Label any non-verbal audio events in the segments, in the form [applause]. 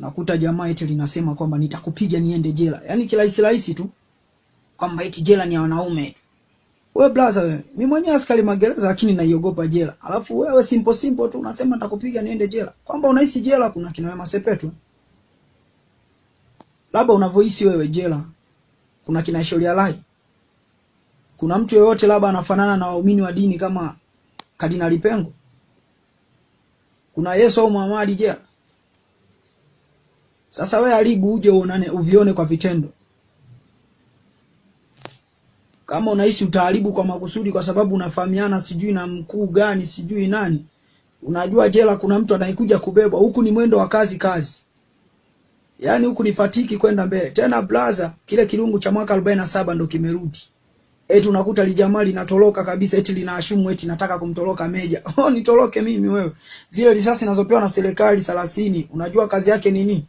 nakuta jamaa eti linasema kwamba nitakupiga niende jela, yaani kirahisi rahisi tu kwamba eti jela ni ya wanaume tu. We blaza, we mi mwenyewe askari magereza, lakini naiogopa jela. Alafu wewe simple simple tu unasema nitakupiga niende jela, kwamba unahisi jela kuna kina Wema Sepetu, labda unavyohisi wewe jela kuna kina Shoria Lai, kuna mtu yeyote labda anafanana na waumini wa dini kama Kardinali Pengo, kuna Yesu au Muhammad jela? Sasa wewe aligu uje uonane uvione kwa vitendo. Kama unahisi utaharibu kwa makusudi, kwa sababu unafahamiana sijui na mkuu gani sijui nani, unajua jela kuna mtu anayekuja kubebwa. Huku ni mwendo wa kazi kazi, yaani huku ni fatiki kwenda mbele tena. Blaza, kile kilungu cha mwaka 47 ndo kimerudi eti unakuta lijamaa linatoroka kabisa, eti linaashumu eti nataka kumtoroka Meja. [laughs] Oh, nitoroke mimi wewe? Zile risasi nazopewa na serikali 30 unajua kazi yake ni nini?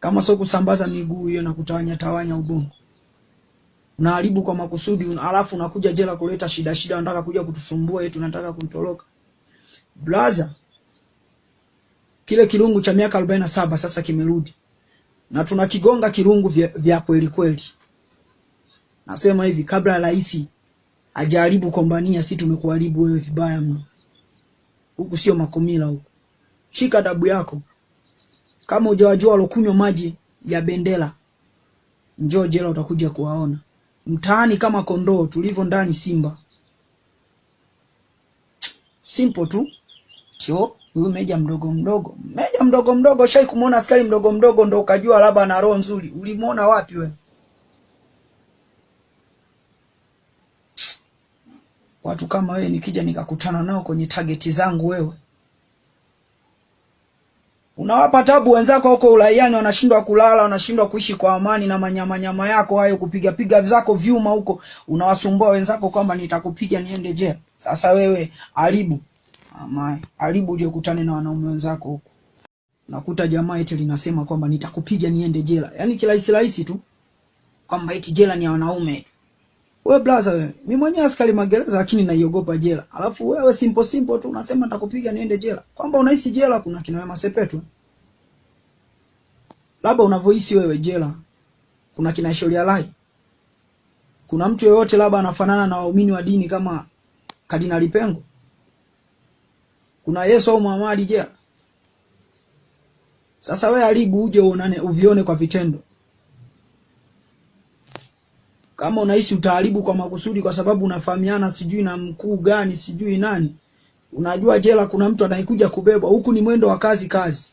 kama sio kusambaza miguu hiyo na kutawanya tawanya ubongo. Unaharibu kwa makusudi, alafu unakuja jela kuleta shida shida, unataka kuja kutusumbua yetu, unataka kutoroka blaza. Kile kirungu cha miaka arobaini saba sasa kimerudi na tunakigonga kirungu vya, vya kweli kweli. Nasema hivi, kabla rais ajaribu kombania, si tumekuharibu wewe vibaya mno. Huku sio makomila, huku shika adabu yako. Kama hujawajua walokunywa maji ya bendera, njoo jela, utakuja kuwaona. Mtaani kama kondoo, tulivyo ndani simba. Simple tu tio huyu meja mdogo mdogo, meja mdogo mdogo, shai kumuona askari mdogo mdogo ndo ukajua labda ana roho nzuri? Ulimuona wapi wewe? Watu kama wewe nikija nikakutana nao kwenye target zangu, wewe Unawapa tabu wenzako huko ulaiani, wanashindwa kulala, wanashindwa kuishi kwa amani na manyama nyama yako hayo, kupiga piga zako vyuma huko, unawasumbua wenzako kwamba nitakupiga niende jela. Sasa wewe alibu amai, alibu je, kutane na wanaume wenzako huko, nakuta jamaa eti linasema kwamba nitakupiga niende jela, yaani kirahisi rahisi tu kwamba eti jela ni ya wanaume tu wewe brother, wewe mimi mwenyewe askari magereza, lakini naiogopa jela. Alafu wewe simple simple tu unasema nitakupiga niende jela, kwamba unahisi jela kuna kina Wema Sepetu, eh? labda unavyohisi wewe jela kuna kina Shoria Lai, kuna mtu yeyote labda anafanana na waumini wa dini kama Kardinali Pengo, kuna Yesu au Muhammad jela? Sasa wewe aligu uje uonane uvione kwa vitendo. Kama unahisi utaharibu kwa makusudi, kwa sababu unafahamiana sijui na mkuu gani sijui nani, unajua jela kuna mtu anayekuja kubebwa. Huku ni mwendo wa kazi kazi,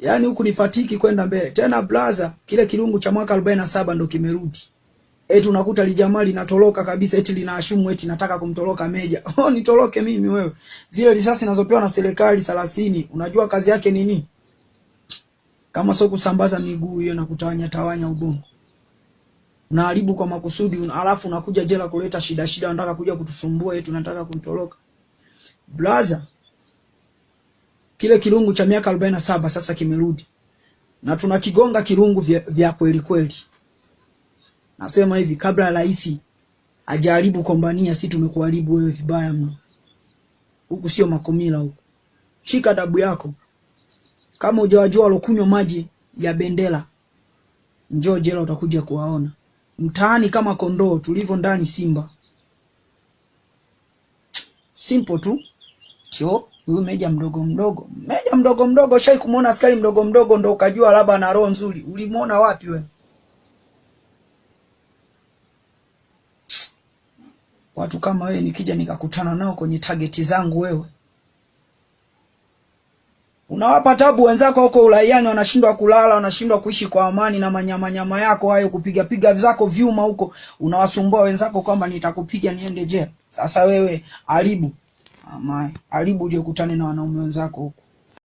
yaani huku ni fatiki kwenda mbele tena. Blaza, kile kirungu cha mwaka 47 ndo kimerudi eti unakuta lijamaa linatoroka kabisa, eti linaashumu eti nataka kumtoroka meja. [laughs] Oh, nitoroke mimi wewe? Zile risasi zinazopewa na serikali 30 unajua kazi yake nini? Kama sio kusambaza miguu hiyo na kutawanya tawanya ubongo unaharibu kwa makusudi, alafu unakuja jela kuleta shida shida, unataka kuja kutusumbua yetu, unataka kutoroka. Brother, kile kirungu cha miaka arobaini saba sasa kimerudi na tunakigonga kirungu vya, vya kweli kweli. Nasema hivi, kabla rais ajaribu kombania, si tumekuharibu wewe vibaya mno. Huku sio makomila huku, shika adabu yako. Kama hujawajua walokunywa maji ya bendera, njoo jela, utakuja kuwaona mtaani kama kondoo, tulivyo ndani simba. Simple tu sio huyu meja mdogo mdogo, meja mdogo mdogo. Shai kumwona askari mdogo mdogo ndo ukajua labda na roho nzuri? ulimuona wapi we? Watu kama wewe nikija nikakutana nao kwenye tageti zangu wewe Unawapa tabu wenzako huko ulaiani, wanashindwa kulala, wanashindwa kuishi kwa amani na manyamanyama yako hayo, kupiga piga zako vyuma huko, unawasumbua wenzako kwamba nitakupiga niende jela. Sasa wewe aribu amai, haribu uje kutane na wanaume wenzako huko.